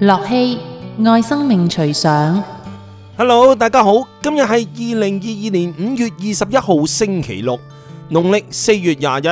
樂希愛生命隨想，Hello，大家好，今日係二零二二年五月二十一號星期六，農曆四月廿一。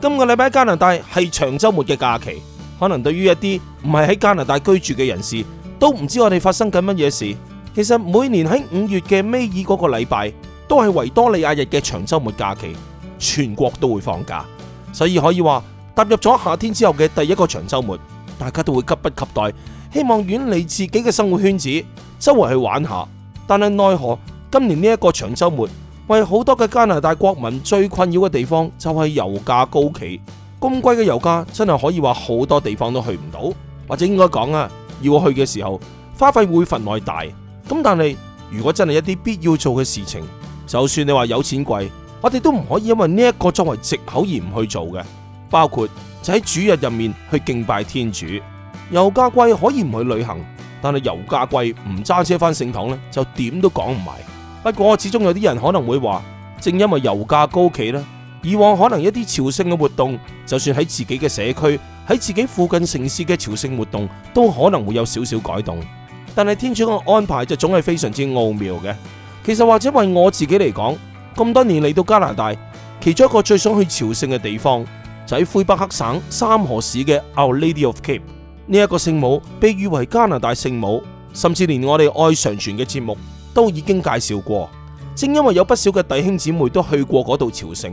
今個禮拜加拿大係長周末嘅假期，可能對於一啲唔係喺加拿大居住嘅人士，都唔知我哋發生緊乜嘢事。其實每年喺五月嘅尾二嗰個禮拜，都係維多利亞日嘅長周末假期，全國都會放假，所以可以話踏入咗夏天之後嘅第一個長周末。大家都會急不及待，希望遠離自己嘅生活圈子，周圍去玩下。但係奈何今年呢一個長周末，為好多嘅加拿大國民最困擾嘅地方就係油價高企。咁貴嘅油價真係可以話好多地方都去唔到，或者應該講啊，要去嘅時候花費會份外大。咁但係如果真係一啲必要做嘅事情，就算你話油錢貴，我哋都唔可以因為呢一個作為借口而唔去做嘅，包括。就喺主日入面去敬拜天主。油價貴可以唔去旅行，但係油價貴唔揸車翻聖堂咧，就點都講唔埋。不過始終有啲人可能會話，正因為油價高企咧，以往可能一啲朝聖嘅活動，就算喺自己嘅社區、喺自己附近城市嘅朝聖活動，都可能會有少少改動。但係天主嘅安排就總係非常之奧妙嘅。其實或者為我自己嚟講，咁多年嚟到加拿大，其中一個最想去朝聖嘅地方。就喺魁北克省三河市嘅 Our Lady of Cape 呢一個聖母，被譽為加拿大聖母，甚至連我哋愛上傳嘅節目都已經介紹過。正因為有不少嘅弟兄姊妹都去過嗰度朝聖，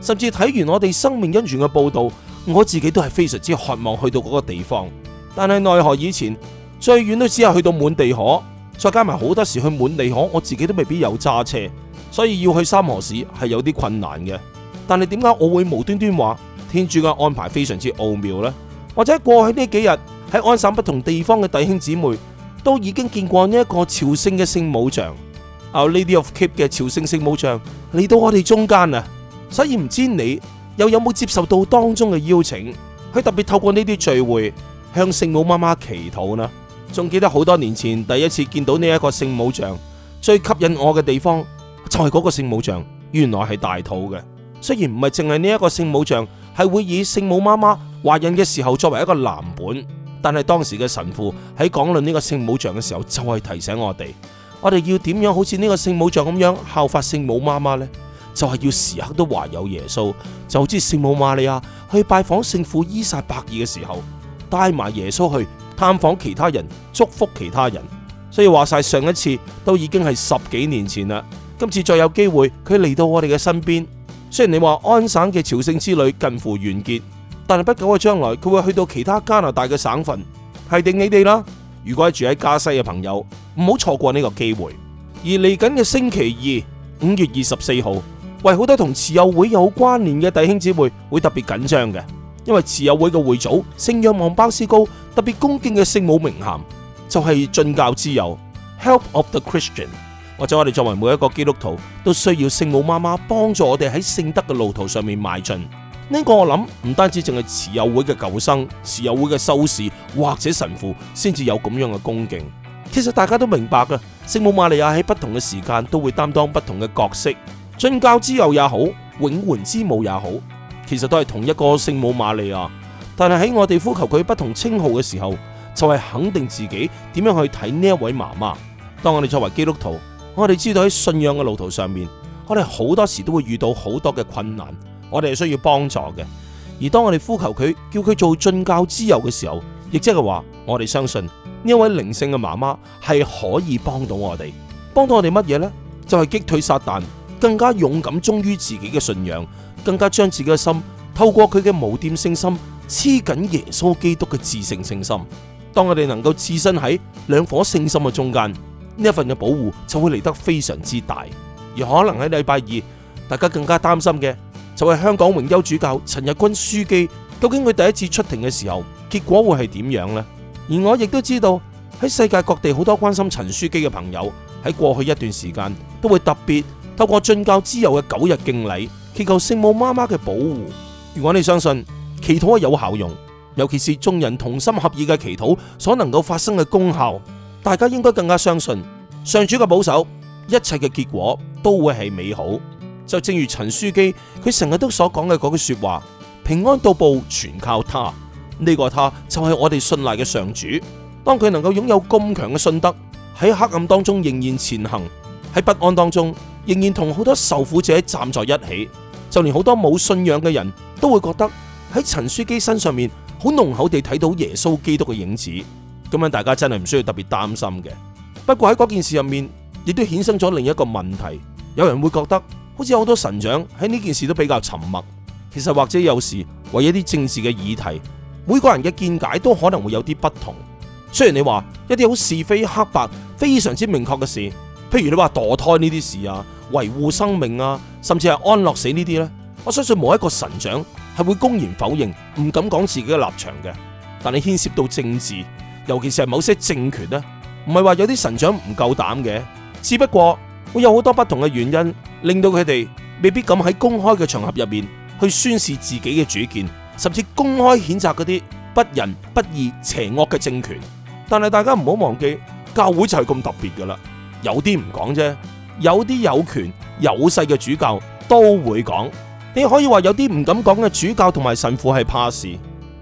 甚至睇完我哋生命恩泉嘅報道，我自己都係非常之渴望去到嗰個地方。但係奈何以前最遠都只係去到滿地可，再加埋好多時去滿地可，我自己都未必有揸車，所以要去三河市係有啲困難嘅。但係點解我會無端端話？天主嘅安排非常之奧妙啦，或者過去呢幾日喺安省不同地方嘅弟兄姊妹都已經見過呢一個朝聖嘅聖母像，啊 Lady of Cape 嘅朝聖聖母像嚟到我哋中間啊，所以唔知你又有冇接受到當中嘅邀請，去特別透過呢啲聚會向聖母媽媽祈禱啦。仲記得好多年前第一次見到呢一個聖母像，最吸引我嘅地方就係嗰個聖母像原來係大肚嘅，雖然唔係淨係呢一個聖母像。係會以聖母媽媽懷孕嘅時候作為一個藍本，但係當時嘅神父喺講論呢個聖母像嘅時候，就係提醒我哋，我哋要點樣好似呢個聖母像咁樣效法聖母媽媽呢？就係要時刻都懷有耶穌，就知聖母瑪利亞去拜訪聖父伊撒伯爾嘅時候，帶埋耶穌去探訪其他人，祝福其他人。所以話晒上一次都已經係十幾年前啦，今次再有機會佢嚟到我哋嘅身邊。雖然你話安省嘅朝聖之旅近乎完結，但係不久嘅將來佢會去到其他加拿大嘅省份，係定你哋啦。如果係住喺加西嘅朋友，唔好錯過呢個機會。而嚟緊嘅星期二，五月二十四號，為好多同慈幼會有關聯嘅弟兄姊妹會特別緊張嘅，因為慈幼會嘅會祖聖若望鮑思高特別恭敬嘅聖母名銜，就係、是、進教之佑 Help of the Christian。或者我哋作為每一個基督徒都需要聖母媽媽幫助我哋喺聖德嘅路途上面邁進。呢個我諗唔單止淨係慈幼會嘅舊生、慈幼會嘅修士或者神父先至有咁樣嘅恭敬。其實大家都明白嘅，聖母瑪利亞喺不同嘅時間都會擔當不同嘅角色，進教之佑也好，永援之母也好，其實都係同一個聖母瑪利亞。但係喺我哋呼求佢不同稱號嘅時候，就係肯定自己點樣去睇呢一位媽媽。當我哋作為基督徒。我哋知道喺信仰嘅路途上面，我哋好多時都會遇到好多嘅困難，我哋係需要幫助嘅。而當我哋呼求佢，叫佢做進教之友嘅時候，亦即係話我哋相信呢位靈性嘅媽媽係可以幫到我哋，幫到我哋乜嘢咧？就係擊退撒旦，更加勇敢忠於自己嘅信仰，更加將自己嘅心透過佢嘅無玷聖心，黐緊耶穌基督嘅至聖聖心。當我哋能夠置身喺兩顆聖心嘅中間。呢一份嘅保護就會嚟得非常之大，而可能喺禮拜二，大家更加擔心嘅就係香港榮休主教陳日君樞機，究竟佢第一次出庭嘅時候，結果會係點樣呢？而我亦都知道喺世界各地好多關心陳樞機嘅朋友喺過去一段時間都會特別透過進教之友嘅九日敬禮祈求聖母媽媽嘅保護。如果你相信祈禱係有效用，尤其是眾人同心合意嘅祈禱所能夠發生嘅功效。大家應該更加相信上主嘅保守，一切嘅結果都會係美好。就正如陳書記佢成日都所講嘅嗰句說話：平安到步全靠他。呢、這個他就係我哋信賴嘅上主。當佢能夠擁有咁強嘅信德，喺黑暗當中仍然前行，喺不安當中仍然同好多受苦者站在一起，就連好多冇信仰嘅人都會覺得喺陳書記身上面好濃厚地睇到耶穌基督嘅影子。咁樣，大家真係唔需要特別擔心嘅。不過喺嗰件事入面，亦都衍生咗另一個問題。有人會覺得好似好多神長喺呢件事都比較沉默。其實或者有時為一啲政治嘅議題，每個人嘅見解都可能會有啲不同。雖然你話一啲好是非黑白非常之明確嘅事，譬如你話墮胎呢啲事啊，維護生命啊，甚至係安樂死呢啲呢，我相信冇一個神長係會公然否認，唔敢講自己嘅立場嘅。但係牽涉到政治。尤其是某些政權呢，唔係話有啲神長唔夠膽嘅，只不過會有好多不同嘅原因，令到佢哋未必敢喺公開嘅場合入面去宣示自己嘅主見，甚至公開譴責嗰啲不仁不義、邪惡嘅政權。但係大家唔好忘記，教會就係咁特別噶啦，有啲唔講啫，有啲有權有勢嘅主教都會講。你可以話有啲唔敢講嘅主教同埋神父係怕事，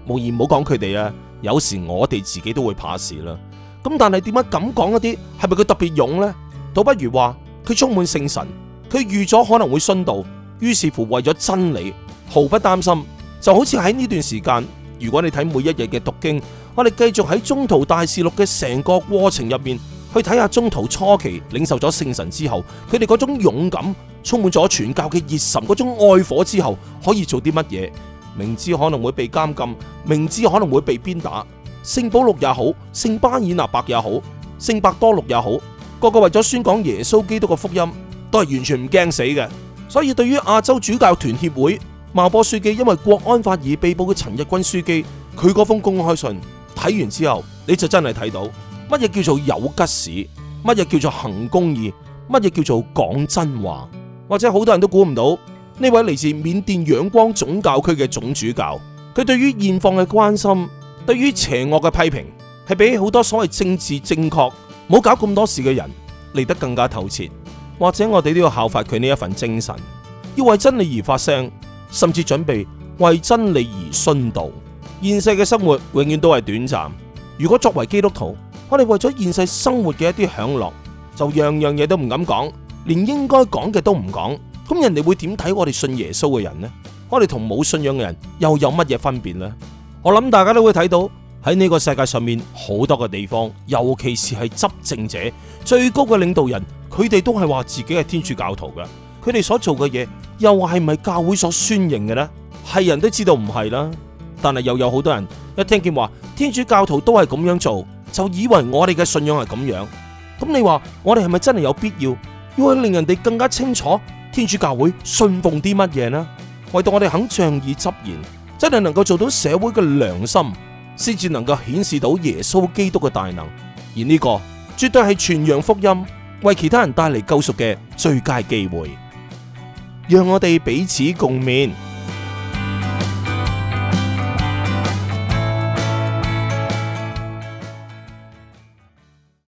無疑唔好講佢哋啊。有時我哋自己都會怕事啦，咁但係點解咁講一啲？係咪佢特別勇呢？倒不如話佢充滿聖神，佢預咗可能會殉道，於是乎為咗真理毫不擔心，就好似喺呢段時間，如果你睇每一日嘅讀經，我哋繼續喺中途大事錄嘅成個過程入面去睇下中途初期領受咗聖神之後，佢哋嗰種勇敢，充滿咗傳教嘅熱忱，嗰種愛火之後，可以做啲乜嘢？明知可能會被監禁，明知可能會被鞭打，聖保祿也好，聖巴爾納伯也好，聖伯多祿也好，個個為咗宣講耶穌基督嘅福音，都係完全唔驚死嘅。所以對於亞洲主教團協會、茂波書記因為國安法而被捕嘅陳日君書記，佢嗰封公開信睇完之後，你就真係睇到乜嘢叫做有吉事，乜嘢叫做行公義，乜嘢叫做講真話，或者好多人都估唔到。呢位嚟自緬甸仰光總教區嘅總主教，佢對於現況嘅關心，對於邪惡嘅批評，係比好多所謂政治正確冇搞咁多事嘅人嚟得更加透徹。或者我哋都要效法佢呢一份精神，要為真理而發聲，甚至準備為真理而殉道。現世嘅生活永遠都係短暫。如果作為基督徒，我哋為咗現世生活嘅一啲享樂，就樣樣嘢都唔敢講，連應該講嘅都唔講。咁人哋會點睇我哋信耶穌嘅人呢？我哋同冇信仰嘅人又有乜嘢分別呢？我諗大家都會睇到喺呢個世界上面好多嘅地方，尤其是係執政者最高嘅領導人，佢哋都係話自己係天主教徒㗎。佢哋所做嘅嘢又話係唔係教會所宣認嘅呢？係人都知道唔係啦，但係又有好多人一聽見話天主教徒都係咁樣做，就以為我哋嘅信仰係咁樣。咁你話我哋係咪真係有必要要去令人哋更加清楚？天主教會信奉啲乜嘢呢？唯獨我哋肯仗義執言，真係能夠做到社會嘅良心，先至能夠顯示到耶穌基督嘅大能。而呢個絕對係傳揚福音，為其他人帶嚟救贖嘅最佳機會，讓我哋彼此共勉。